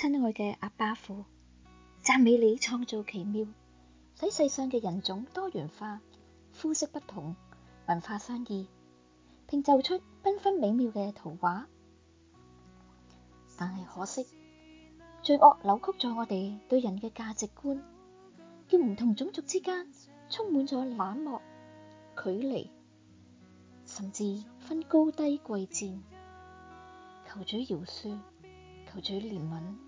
親愛嘅阿爸父，讚美你創造奇妙，使世上嘅人種多元化，膚色不同，文化相異，並奏出繽紛美妙嘅圖畫。但係可惜，罪惡扭曲咗我哋對人嘅價值觀，叫唔同種族之間充滿咗冷漠、距離，甚至分高低貴賤，求主饒恕，求主憐憫。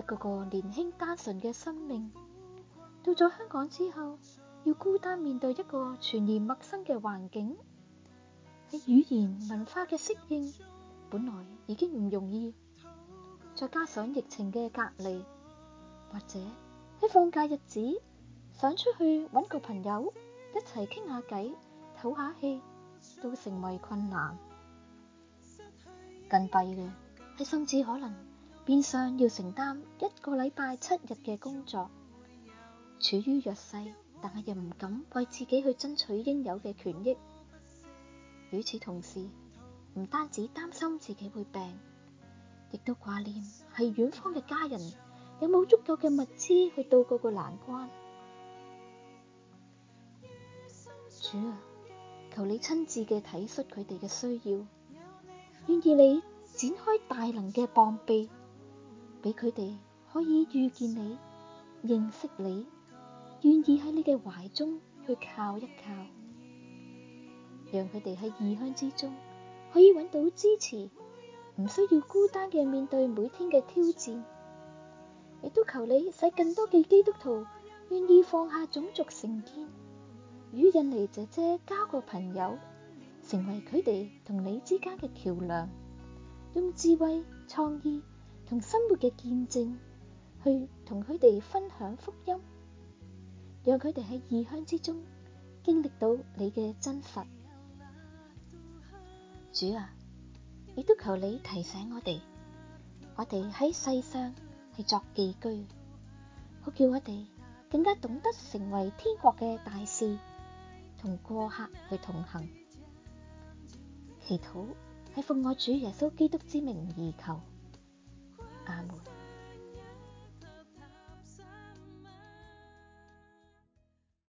一個個年輕單純嘅生命，到咗香港之後，要孤單面對一個全然陌生嘅環境，喺語言文化嘅適應本來已經唔容易，再加上疫情嘅隔離，或者喺放假日子想出去揾個朋友一齊傾下偈、唞下氣，都成為困難，更弊嘅係甚至可能。變相要承擔一個禮拜七日嘅工作，處於弱勢，但係又唔敢為自己去爭取應有嘅權益。與此同時，唔單止擔心自己會病，亦都掛念係遠方嘅家人有冇足夠嘅物資去渡過個難關。主啊，求你親自嘅體恤佢哋嘅需要，願意你展開大能嘅膀臂。俾佢哋可以遇見你、認識你，願意喺你嘅懷中去靠一靠，讓佢哋喺異鄉之中可以揾到支持，唔需要孤單嘅面對每天嘅挑戰。亦都求你使更多嘅基督徒願意放下種族成見，與印尼姐姐交個朋友，成為佢哋同你之間嘅橋樑，用智慧、創意。同生活嘅見證，去同佢哋分享福音，讓佢哋喺異鄉之中經歷到你嘅真實。主啊，亦都求你提醒我哋，我哋喺世上係作寄居，好叫我哋更加懂得成為天國嘅大事，同過客去同行。祈禱，係奉我主耶穌基督之名而求。